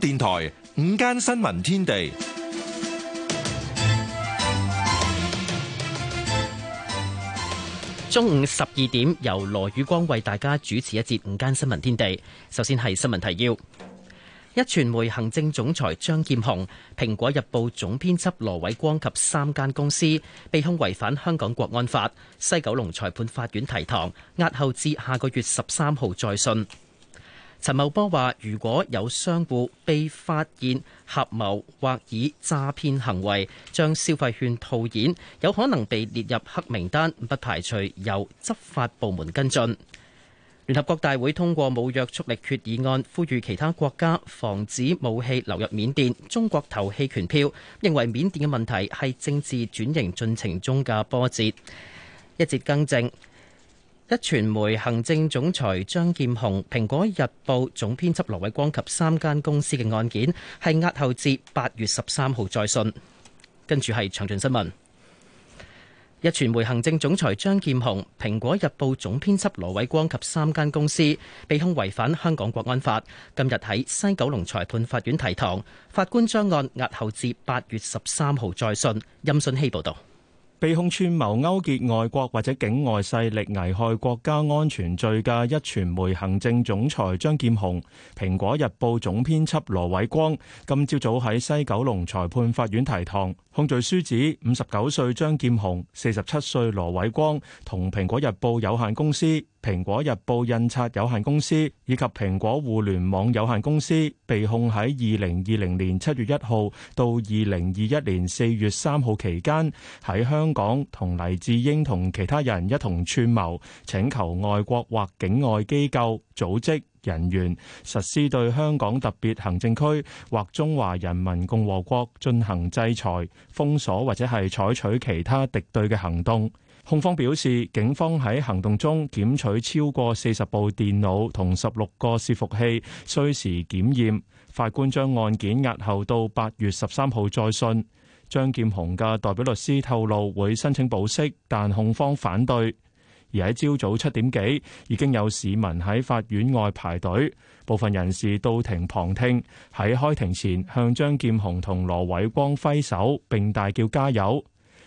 電台午間新聞天地，中午十二點，由羅宇光為大家主持一節午間新聞天地。首先係新聞提要：壹傳媒行政總裁張劍虹、蘋果日報總編輯羅偉光及三間公司被控違反香港國安法，西九龍裁判法院提堂，押後至下個月十三號再訊。陳茂波話：如果有商戶被發現合謀或以詐騙行為將消費券套現，有可能被列入黑名單，不排除由執法部門跟進。聯合國大會通過冇約束力決議案，呼籲其他國家防止武器流入緬甸。中國投棄權票，認為緬甸嘅問題係政治轉型進程中嘅波折。一節更正。一傳媒行政總裁張劍虹、蘋果日報總編輯羅偉光及三間公司嘅案件，係押後至八月十三號再訊。跟住係詳盡新聞。一傳媒行政總裁張劍虹、蘋果日報總編輯羅偉光及三間公司，被控違反香港國安法，今日喺西九龍裁判法院提堂，法官將案押後至八月十三號再訊。任順希報道。被控串謀勾結外國或者境外勢力危害國家安全罪嘅壹傳媒行政總裁張劍虹，蘋果日報總編輯羅偉光，今朝早喺西九龍裁判法院提堂。控罪書指，五十九歲張劍虹、四十七歲羅偉光同《蘋果日報有限公司》、《蘋果日報印刷有限公司》以及《蘋果互聯網有限公司》被控喺二零二零年七月一號到二零二一年四月三號期間喺香港同黎智英同其他人一同串謀，請求外國或境外機構組織、人員實施對香港特別行政區或中華人民共和國進行制裁、封鎖或者係採取其他敵對嘅行動。控方表示，警方喺行動中檢取超過四十部電腦同十六個伺服器，需時檢驗。法官將案件押後到八月十三號再訊。張劍虹嘅代表律師透露會申請保釋，但控方反對。而喺朝早七點幾，已經有市民喺法院外排隊，部分人士到庭旁聽，喺開庭前向張劍虹同羅偉光揮手並大叫加油。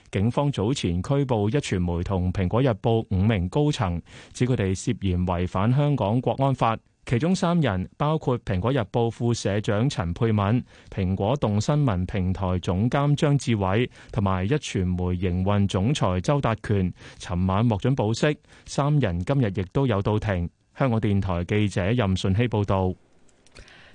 警方早前拘捕壹傳媒同《蘋果日報》五名高層，指佢哋涉嫌違反香港國安法。其中三人包括《蘋果日報》副社長陳佩敏、蘋果動新聞平台總監張志偉，同埋壹傳媒營運總裁周達權，尋晚獲准保釋。三人今日亦都有到庭。香港電台記者任順希報道。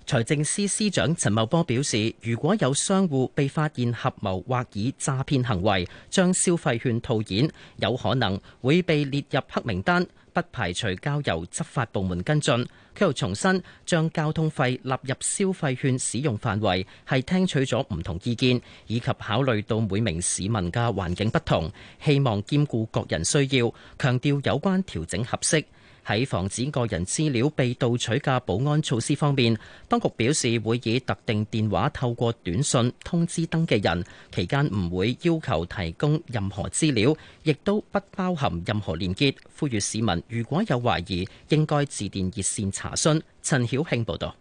財政司司長陳茂波表示，如果有商戶被發現合謀或以詐騙行為，將消費券套現，有可能會被列入黑名單。不排除交由執法部門跟進，佢又重申，將交通費納入消費券使用範圍，係聽取咗唔同意見，以及考慮到每名市民嘅環境不同，希望兼顧各人需要，強調有關調整合適。喺防止個人資料被盜取嘅保安措施方面，當局表示會以特定電話透過短信通知登記人，期間唔會要求提供任何資料，亦都不包含任何連結。呼籲市民如果有懷疑，應該致電熱線查詢。陳曉慶報道。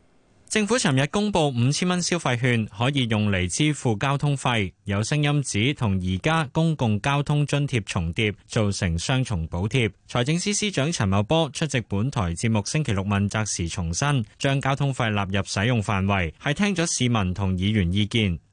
政府尋日公布五千蚊消費券可以用嚟支付交通費，有聲音指同而家公共交通津貼重疊，造成雙重補貼。財政司司長陳茂波出席本台節目星期六問責時重申，將交通費納入使用範圍，係聽咗市民同議員意見。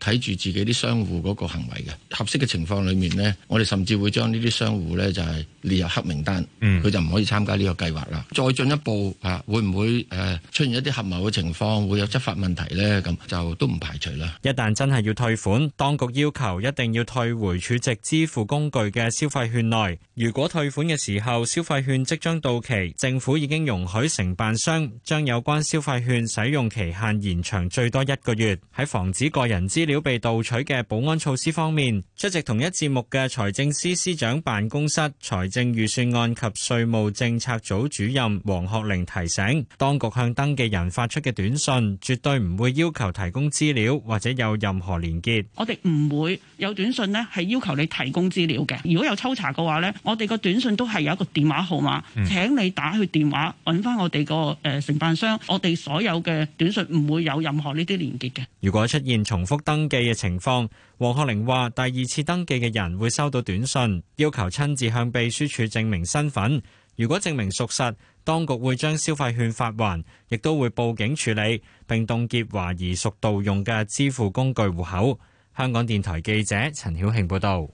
睇住自己啲商戶嗰個行為嘅合適嘅情況裏面咧，我哋甚至會將呢啲商戶咧就係列入黑名單，嗯，佢就唔可以參加呢個計劃啦。再進一步啊，會唔會誒、呃、出現一啲合謀嘅情況，會有執法問題咧？咁就都唔排除啦。一旦真係要退款，當局要求一定要退回儲值支付工具嘅消費券內。如果退款嘅時候消費券即將到期，政府已經容許承辦商將有關消費券使用期限延長最多一個月，喺防止個人資。料被盜取嘅保安措施方面，出席同一節目嘅財政司司長辦公室財政預算案及稅務政策組主任黃學玲提醒，當局向登記人發出嘅短信絕對唔會要求提供資料或者有任何連結。我哋唔會有短信咧，係要求你提供資料嘅。如果有抽查嘅話咧，我哋個短信都係有一個電話號碼，請你打去電話揾翻我哋個誒承辦商。我哋所有嘅短信唔會有任何呢啲連結嘅。如果出現重複登，登記嘅情況，黃學玲話：第二次登記嘅人會收到短信，要求親自向秘書處證明身份。如果證明屬實，當局會將消費券發還，亦都會報警處理，並凍結懷疑屬盜用嘅支付工具戶口。香港電台記者陳曉慶報道。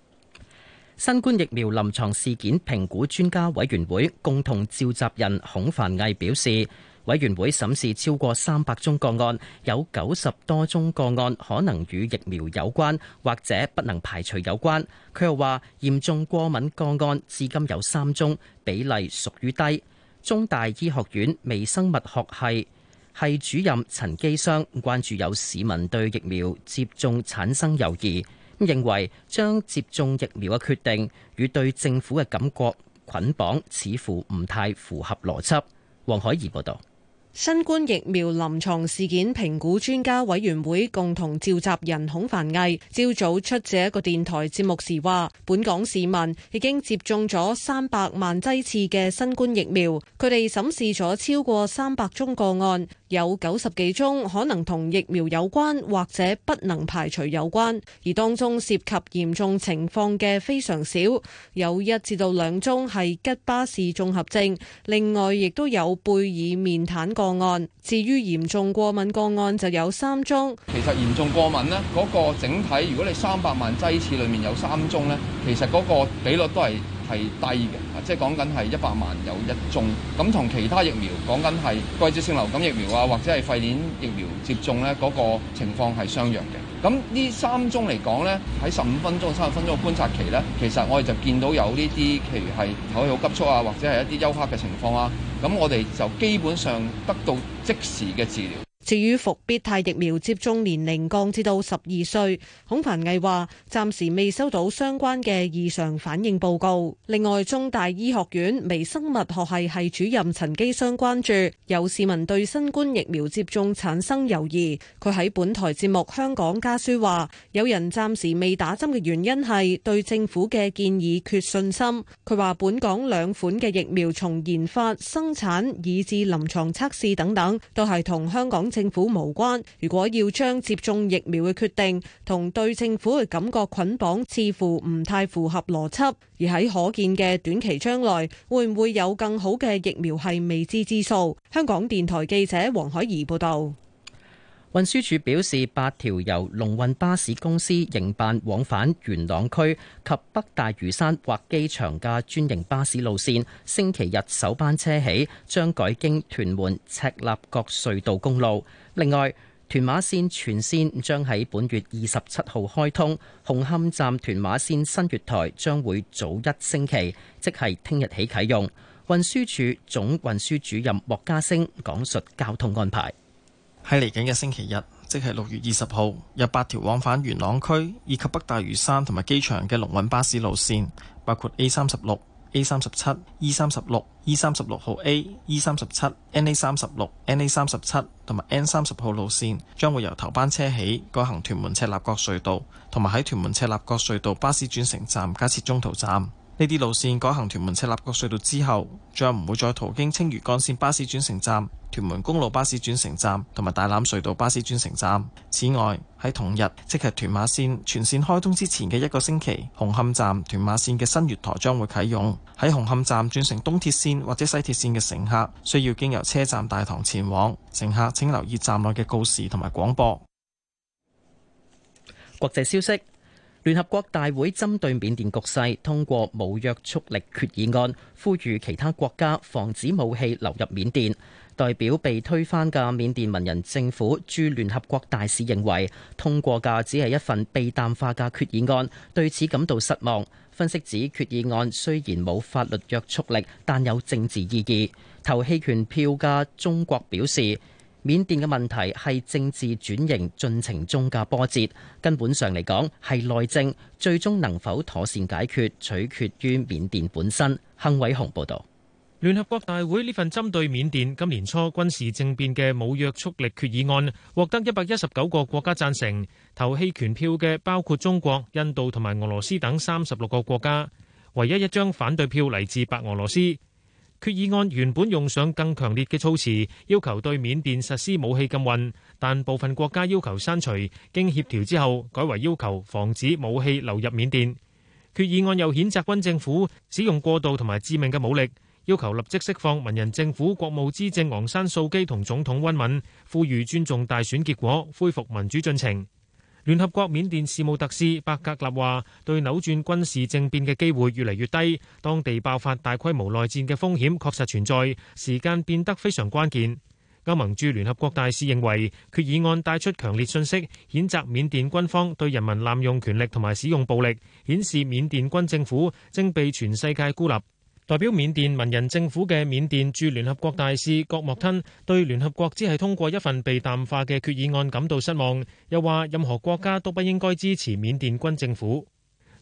新冠疫苗臨床事件評估專家委員會共同召集人孔凡毅表示。委員會審視超過三百宗個案，有九十多宗個案可能與疫苗有關或者不能排除有關。佢又話嚴重過敏個案至今有三宗，比例屬於低。中大醫學院微生物學系系主任陳基湘關注有市民對疫苗接種產生猶疑，認為將接種疫苗嘅決定與對政府嘅感覺捆綁似乎唔太符合邏輯。黃海怡報道。新冠疫苗臨床事件評估專家委員會共同召集人孔繁毅朝早出席一個電台節目時話，本港市民已經接種咗三百萬劑次嘅新冠疫苗，佢哋審視咗超過三百宗個案。有九十幾宗可能同疫苗有關或者不能排除有關，而當中涉及嚴重情況嘅非常少，有一至到兩宗係吉巴氏綜合症，另外亦都有貝爾面癱個案。至於嚴重過敏個案就有三宗。其實嚴重過敏呢嗰個整體如果你三百萬劑次裏面有三宗呢，其實嗰個比率都係。係低嘅，即係講緊係一百萬有一宗，咁同其他疫苗講緊係季節性流感疫苗啊，或者係肺炎疫苗接種呢個情況係相若嘅。咁呢三宗嚟講呢，喺十五分鐘、三十分鐘嘅觀察期呢，其實我哋就見到有呢啲，譬如係口氣好急促啊，或者係一啲休克嘅情況啊，咁我哋就基本上得到即時嘅治療。至於復必泰疫苗接種年齡降至到十二歲，孔繁毅話：暫時未收到相關嘅異常反應報告。另外，中大醫學院微生物學系系主任陳基湘關注有市民對新冠疫苗接種產生猶豫，佢喺本台節目《香港家書》話：有人暫時未打針嘅原因係對政府嘅建議缺信心。佢話：本港兩款嘅疫苗從研發、生產、以至臨床測試等等，都係同香港政府無關，如果要將接種疫苗嘅決定同對政府嘅感覺捆綁，似乎唔太符合邏輯。而喺可見嘅短期將來，會唔會有更好嘅疫苗係未知之數。香港電台記者黃海怡報道。運輸署表示，八條由龍運巴士公司營辦往返元朗區及北大嶼山或機場嘅專營巴士路線，星期日首班車起將改經屯門赤鱲角隧道公路。另外，屯馬線全線將喺本月二十七號開通，紅磡站屯馬線新月台將會早一星期，即係聽日起啟用。運輸署總運輸主任莫家聲講述交通安排。喺嚟緊嘅星期日，即係六月二十號，有八條往返元朗區以及北大嶼山同埋機場嘅龍運巴士路線，包括 A 三十六、A 三十七、E 三十六、E 三十六號 A、E 三十七、N A 三十六、N A 三十七同埋 N 三十號路線，將會由頭班車起改行屯門赤鱲角隧道，同埋喺屯門赤鱲角隧道巴士轉乘站加設中途站。呢啲路線改行屯門赤鱲角隧道之後，將唔會再途經青嶼幹線巴士轉乘站、屯門公路巴士轉乘站同埋大欖隧道巴士轉乘站。此外，喺同日即係屯馬綫全綫開通之前嘅一個星期，紅磡站屯馬綫嘅新月台將會啟用。喺紅磡站轉乘東鐵綫或者西鐵綫嘅乘客，需要經由車站大堂前往。乘客請留意站內嘅告示同埋廣播。國際消息。聯合國大會針對緬甸局勢通過冇約束力決議案，呼籲其他國家防止武器流入緬甸。代表被推翻嘅緬甸文人政府駐聯合國大使認為，通過嘅只係一份被淡化嘅決議案，對此感到失望。分析指決議案雖然冇法律約束力，但有政治意義。投棄權票嘅中國表示，緬甸嘅問題，係政治轉型進程中嘅波折，根本上嚟講，係內政，最終能否妥善解決取決於緬甸本身。幸偉雄報道。聯合國大會呢份針對緬甸今年初軍事政變嘅冇約束力決議案，獲得一百一十九個國家贊成，投棄權票嘅包括中國、印度同埋俄羅斯等三十六個國家，唯一一張反對票嚟自白俄羅斯。決議案原本用上更強烈嘅措辭，要求對緬甸實施武器禁運，但部分國家要求刪除，經協調之後改為要求防止武器流入緬甸。決議案又譴責軍政府使用過度同埋致命嘅武力，要求立即釋放文人政府國務資政昂山素基同總統溫敏，呼籲尊重大選結果，恢復民主進程。聯合國緬甸事務特使白格納話：對扭轉軍事政變嘅機會越嚟越低，當地爆發大規模內戰嘅風險確實存在，時間變得非常關鍵。歐盟駐聯合國大使認為決議案帶出強烈訊息，譴責緬甸軍方對人民濫用權力同埋使用暴力，顯示緬甸軍政府正被全世界孤立。代表緬甸文人政府嘅緬甸駐聯合國大使郭莫吞對聯合國只係通過一份被淡化嘅決議案感到失望，又話任何國家都不應該支持緬甸軍政府。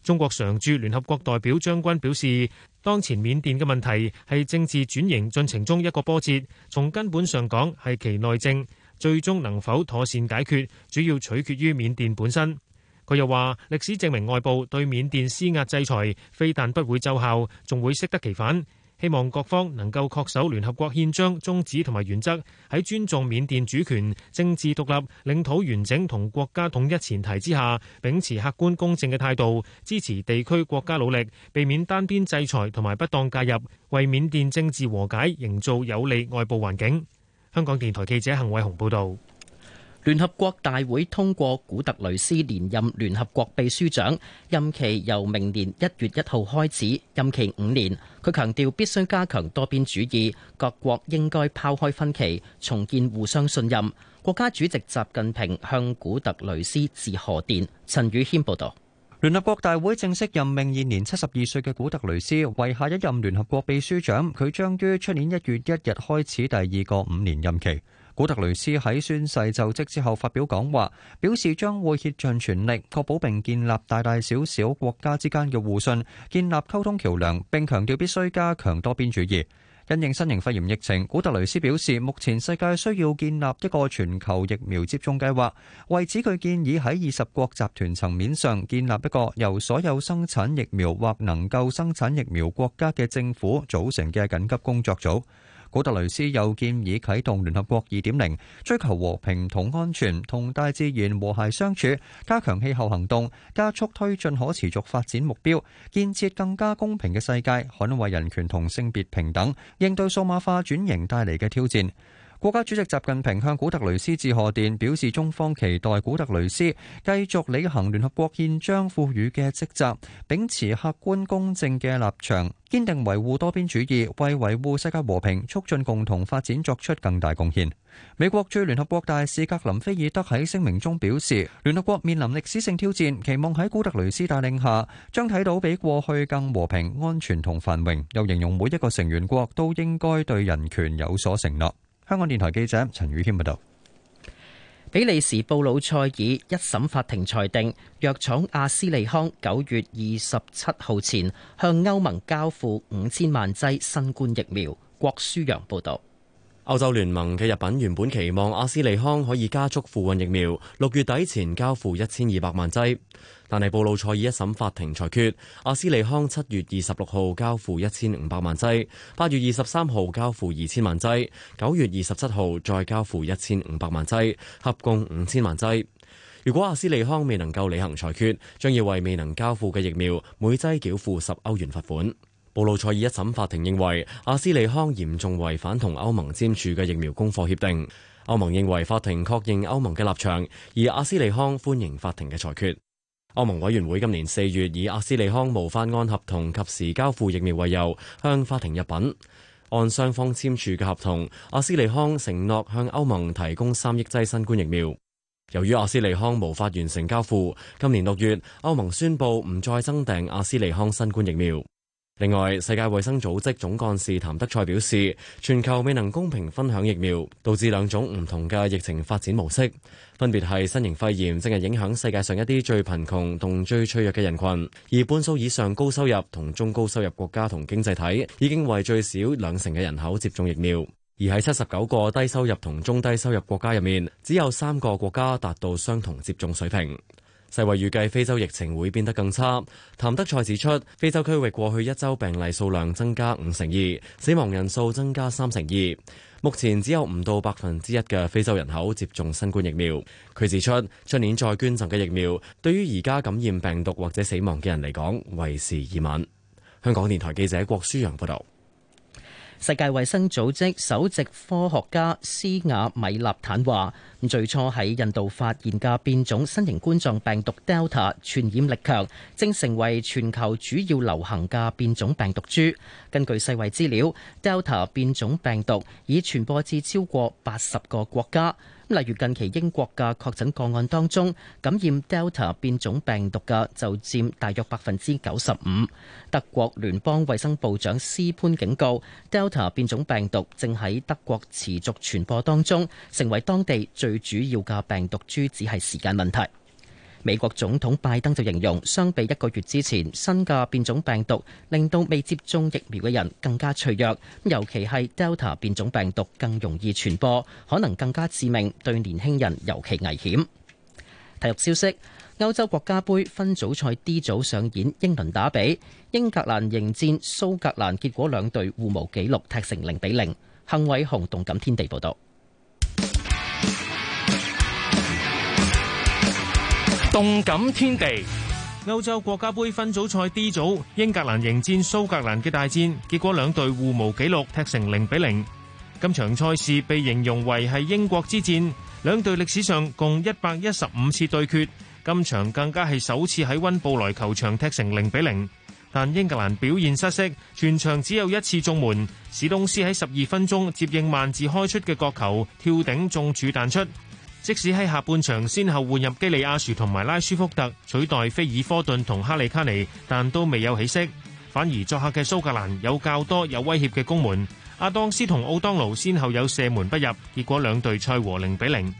中國常駐聯合國代表張軍表示，當前緬甸嘅問題，係政治轉型進程中一個波折，從根本上講，係其內政，最終能否妥善解決，主要取決於緬甸本身。佢又話：歷史證明，外部對緬甸施壓制裁，非但不會奏效，仲會適得其反。希望各方能夠恪守聯合國憲章宗旨同埋原則，喺尊重緬甸主權、政治獨立、領土完整同國家統一前提之下，秉持客觀公正嘅態度，支持地區國家努力，避免單邊制裁同埋不當介入，為緬甸政治和解營造有利外部環境。香港電台記者幸偉雄報道。聯合國大會通過古特雷斯連任聯合國秘書長，任期由明年一月一號開始，任期五年。佢強調必須加強多邊主義，各國應該拋開分歧，重建互相信任。國家主席習近平向古特雷斯致賀電。陳宇軒報導。聯合國大會正式任命現年七十二歲嘅古特雷斯為下一任聯合國秘書長，佢將於出年一月一日開始第二個五年任期。古特雷斯喺宣誓就職之後發表講話，表示將會竭盡全力，確保並建立大大小小國家之間嘅互信，建立溝通橋樑，並強調必須加強多邊主義。因應新型肺炎疫情，古特雷斯表示，目前世界需要建立一個全球疫苗接種計劃，為此佢建議喺二十國集團層面上建立一個由所有生產疫苗或能夠生產疫苗國家嘅政府組成嘅緊急工作組。古特雷斯又建議啟動聯合國2.0，追求和平同安全，同大自然和諧相處，加強氣候行動，加速推進可持續發展目標，建設更加公平嘅世界，捍衛人權同性別平等，應對數碼化轉型帶嚟嘅挑戰。國家主席習近平向古特雷斯致賀電，表示中方期待古特雷斯繼續履行聯合國憲章賦予嘅職責，秉持客觀公正嘅立場，堅定維護多邊主義，為維護世界和平、促進共同發展作出更大貢獻。美國駐聯合國大使格林菲爾德喺聲明中表示，聯合國面臨歷史性挑戰，期望喺古特雷斯帶領下，將睇到比過去更和平、安全同繁榮，又形容每一個成員國都應該對人權有所承諾。香港電台記者陳宇謙報道：比利時布魯塞爾一審法庭裁定，藥廠阿斯利康九月二十七號前向歐盟交付五千萬劑新冠疫苗。郭舒揚報道。歐洲聯盟嘅入稟原本期望阿斯利康可以加速付運疫苗，六月底前交付一千二百萬劑。但係布魯塞爾一審法庭裁決，阿斯利康七月二十六號交付一千五百萬劑，八月二十三號交付二千萬劑，九月二十七號再交付一千五百萬劑，合共五千萬劑。如果阿斯利康未能夠履行裁決，將要為未能交付嘅疫苗每劑繳付十歐元罰款。布魯塞爾一審法庭認為，阿斯利康嚴重違反同歐盟簽署嘅疫苗供貨協定。歐盟認為法庭確認歐盟嘅立場，而阿斯利康歡迎法庭嘅裁決。歐盟委員會今年四月以阿斯利康無法按合同及時交付疫苗為由向法庭入稟。按雙方簽署嘅合同，阿斯利康承諾向歐盟提供三億劑新冠疫苗。由於阿斯利康無法完成交付，今年六月歐盟宣布唔再增訂阿斯利康新冠疫苗。另外，世界衛生組織總幹事譚德塞表示，全球未能公平分享疫苗，導致兩種唔同嘅疫情發展模式，分別係新型肺炎正係影響世界上一啲最貧窮同最脆弱嘅人群，而半數以上高收入同中高收入國家同經濟體已經為最少兩成嘅人口接種疫苗，而喺七十九個低收入同中低收入國家入面，只有三個國家達到相同接種水平。世衛預計非洲疫情會變得更差。譚德賽指出，非洲區域過去一周病例數量增加五成二，死亡人數增加三成二。目前只有唔到百分之一嘅非洲人口接種新冠疫苗。佢指出，出年再捐贈嘅疫苗，對於而家感染病毒或者死亡嘅人嚟講，為時已晚。香港電台記者郭舒揚報道。世界衛生組織首席科學家斯亞米納坦話，最初喺印度發現嘅變種新型冠狀病毒 Delta 傳染力強，正成為全球主要流行嘅變種病毒株。根據世衞資料，Delta 變種病毒已傳播至超過八十個國家。例如近期英國嘅確診個案當中，感染 Delta 變種病毒嘅就佔大約百分之九十五。德國聯邦衛生部長施潘警告，Delta 變種病毒正喺德國持續傳播當中，成為當地最主要嘅病毒株，只係時間問題。美國總統拜登就形容，相比一個月之前，新嘅變種病毒令到未接種疫苗嘅人更加脆弱，尤其係 Delta 變種病毒更容易傳播，可能更加致命，對年輕人尤其危險。體育消息：歐洲國家杯分組賽 D 組上演英倫打比，英格蘭迎戰蘇格蘭，結果兩隊互無紀錄，踢成零比零。幸偉雄動感天地報導。動感天地，歐洲國家杯分組賽 D 組，英格蘭迎戰蘇格蘭嘅大戰，結果兩隊互無紀錄，踢成零比零。今場賽事被形容為係英國之戰，兩隊歷史上共一百一十五次對決，今場更加係首次喺温布萊球場踢成零比零。但英格蘭表現失色，全場只有一次中門，史東斯喺十二分鐘接應萬字開出嘅角球，跳頂中柱彈出。即使喺下半場，先後換入基利亞殊同埋拉舒福特取代菲爾科頓同哈利卡尼，但都未有起色。反而作客嘅蘇格蘭有較多有威脅嘅攻門，阿當斯同奧當奴先後有射門不入，結果兩隊賽和零比零。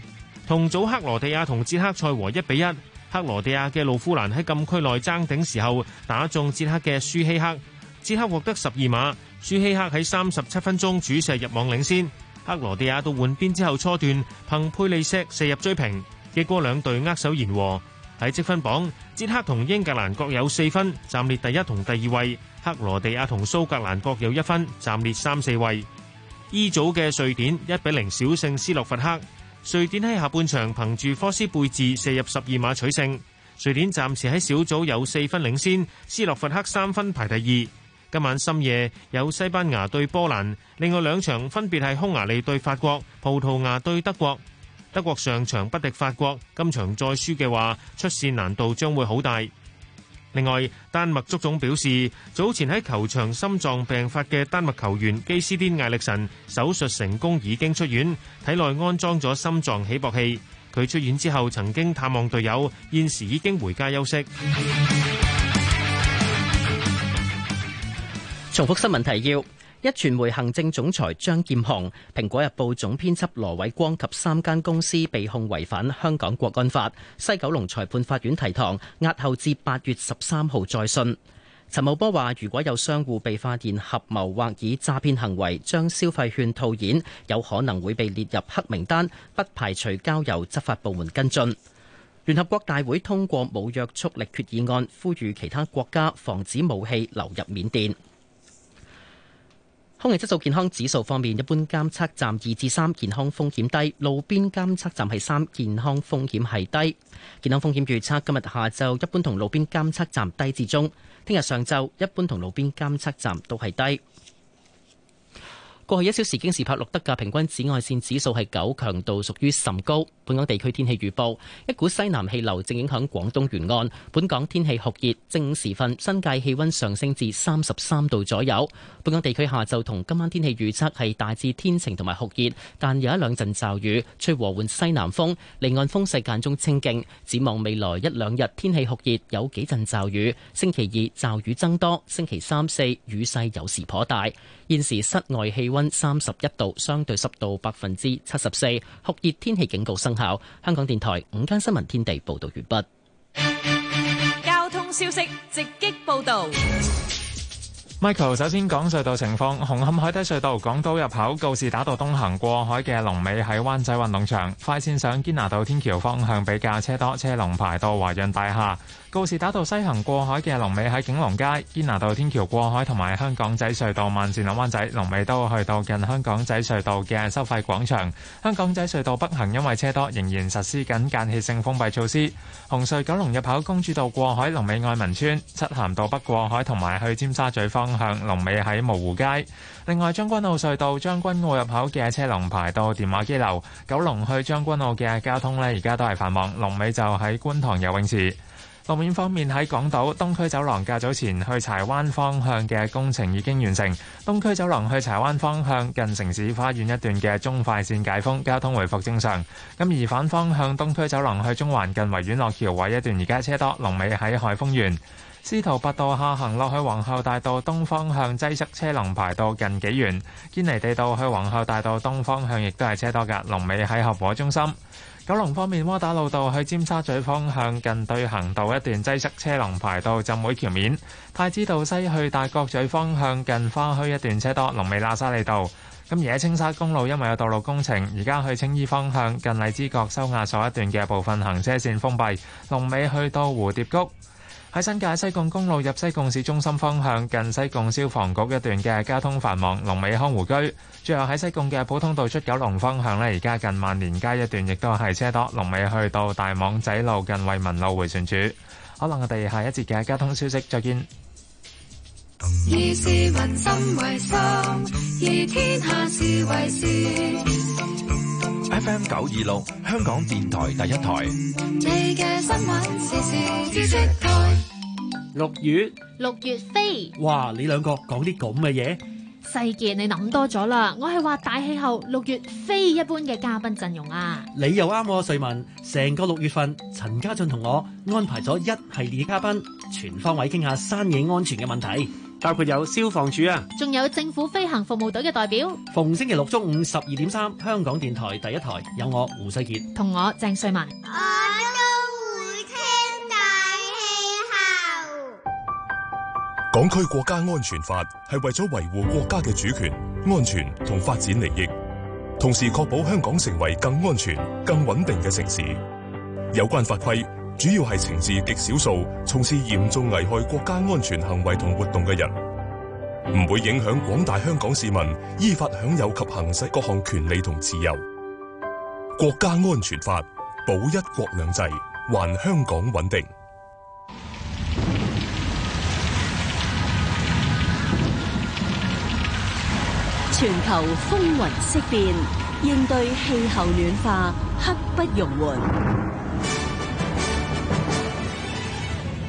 同組克羅地亞同捷克賽和一比一，克羅地亞嘅魯夫蘭喺禁區內爭頂時候打中捷克嘅舒希克，捷克獲得十二碼，舒希克喺三十七分鐘主射入網領先。克羅地亞到換邊之後初段，憑佩利錫射入追平，結果兩隊握手言和。喺積分榜，捷克同英格蘭各有四分，暫列第一同第二位；克羅地亞同蘇格蘭各有一分，暫列三四位。E 組嘅瑞典一比零小勝斯洛伐克，瑞典喺下半場憑住科斯貝治射入十二碼取勝，瑞典暫時喺小組有四分領先斯洛伐克三分排第二。今晚深夜有西班牙對波蘭，另外兩場分別係匈牙利對法國、葡萄牙對德國。德國上場不敵法國，今場再輸嘅話，出線難度將會好大。另外，丹麥足總表示，早前喺球場心臟病發嘅丹麥球員基斯丁艾力臣手術成功，已經出院，體內安裝咗心臟起搏器。佢出院之後，曾經探望隊友，現時已經回家休息。重複新聞提要：一傳媒行政總裁張劍虹、蘋果日報總編輯羅偉光及三間公司被控違反香港國安法，西九龍裁判法院提堂，押後至八月十三號再訊。陳茂波話：如果有商戶被發現合謀或以詐騙行為將消費券套現，有可能會被列入黑名單，不排除交由執法部門跟進。聯合國大會通過冇約束力決議案，呼籲其他國家防止武器流入緬甸。空氣質素健康指數方面，一般監測站二至三，健康風險低；路邊監測站係三，健康風險係低。健康風險預測今日下晝一般同路邊監測站低至中，聽日上晝一般同路邊監測站都係低。過去一小時京士柏錄得嘅平均紫外線指數係九，強度屬於甚高。本港地區天氣預報，一股西南氣流正影響廣東沿岸，本港天氣酷熱，正午時分新界氣温上升至三十三度左右。本港地區下晝同今晚天氣預測係大致天晴同埋酷熱，但有一兩陣驟,驟雨，吹和緩西南風，離岸風勢間中清勁。展望未來一兩日天氣酷熱，有幾陣驟雨，星期二驟雨增多，星期三四雨勢有時頗大。現時室外氣温三十一度，相對濕度百分之七十四，酷熱天氣警告生效。香港電台午間新聞天地報道完畢。交通消息直擊報道。Michael 首先講隧道情況，紅磡海底隧道港島入口告士打道東行過海嘅龍尾喺灣仔運動場快線上堅拿道天橋方向比較車多，車龍排到華潤大廈。告士打道西行過海嘅龍尾喺景隆街，堅拿道天橋過海同埋香港仔隧道慢線南灣仔龍尾都去到近香港仔隧道嘅收費廣場。香港仔隧道北行因為車多，仍然實施緊間歇性封閉措施。紅隧九龍入口公主道過海龍尾愛民村，漆咸道北過海同埋去尖沙咀方向龍尾喺蕪湖街。另外將軍澳隧道將軍澳入口嘅車龍排到電話機樓，九龍去將軍澳嘅交通呢，而家都係繁忙，龍尾就喺觀塘游泳池。路面方面喺港島東區走廊，較早前去柴灣方向嘅工程已經完成。東區走廊去柴灣方向近城市花園一段嘅中快線解封，交通回復正常。咁而反方向東區走廊去中環近維園落橋位一段而家車多，龍尾喺海豐園。司徒拔道下行落去皇后大道東方向擠塞，車龍排到近幾元。堅尼地道去皇后大道東方向亦都係車多㗎，龍尾喺合和中心。九龍方面，窩打老道去尖沙咀方向近對行道一段擠塞，車龍排到浸會橋面；太子道西去大角咀方向近花墟一段車多，龍尾喇沙利道。咁而喺青沙公路，因為有道路工程，而家去青衣方向近荔枝角收押所一段嘅部分行車線封閉，龍尾去到蝴蝶谷。喺新界西貢公路入西貢市中心方向，近西貢消防局一段嘅交通繁忙，龍尾康湖，湖居。最後喺西貢嘅普通道出九龍方向呢，而家近萬年街一段亦都係車多，龍尾去到大網仔路近惠民路回旋處。可能我哋下一節嘅交通消息，再見。F M 九二六，香港電台第一台。六月六月飛，哇！你兩個講啲咁嘅嘢，細嘅你諗多咗啦。我係話大氣候六月飛一般嘅嘉賓陣容啊。你又啱，瑞文成個六月份，陳家俊同我安排咗一系列嘉賓，全方位傾下山野安全嘅問題。包括有消防處啊，仲有政府飛行服務隊嘅代表。逢星期六中午十二點三，3, 香港電台第一台有我胡世杰同我鄭瑞文。我都會聽大氣候。港區國家安全法係為咗維護國家嘅主權、安全同發展利益，同時確保香港成為更安全、更穩定嘅城市。有關法規。主要係懲治極少數從事嚴重危害國家安全行為同活動嘅人，唔會影響廣大香港市民依法享有及行使各項權利同自由。國家安全法，保一國兩制，還香港穩定。全球風雲色變，應對氣候暖化，刻不容緩。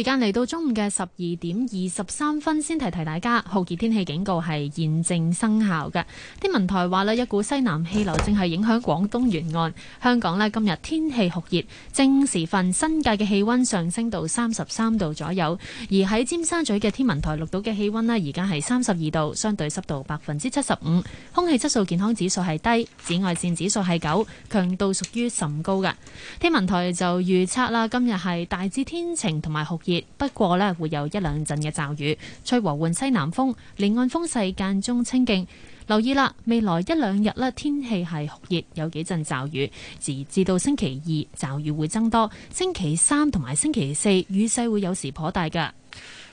時間嚟到中午嘅十二點二十三分，先提提大家，酷熱天氣警告係現正生效嘅。天文台話，呢一股西南氣流正係影響廣東沿岸，香港呢，今日天氣酷熱，正時份新界嘅氣溫上升到三十三度左右，而喺尖沙咀嘅天文台錄到嘅氣溫呢，而家係三十二度，相對濕度百分之七十五，空氣質素健康指數係低，紫外線指數係九，強度屬於甚高嘅。天文台就預測啦，今日係大致天晴同埋酷熱。不過咧會有一兩陣嘅驟雨，吹和緩西南風，沿岸風勢間中清勁。留意啦，未來一兩日咧天氣係酷熱，有幾陣驟雨，直至到星期二驟雨會增多，星期三同埋星期四雨勢會有時頗大嘅。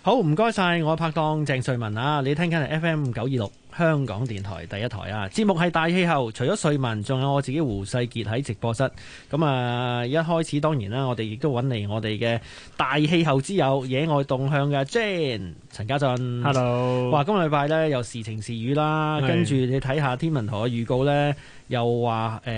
好，唔該晒，我拍檔鄭瑞文啊，你聽緊係 FM 九二六香港電台第一台啊，節目係大氣候。除咗瑞文，仲有我自己胡世傑喺直播室。咁啊，一開始當然啦，我哋亦都揾嚟我哋嘅大氣候之友野外動向嘅 Jane 陳家俊。Hello，哇，今個禮拜咧又時晴時雨啦，跟住是你睇下天文台嘅預告咧，又話誒。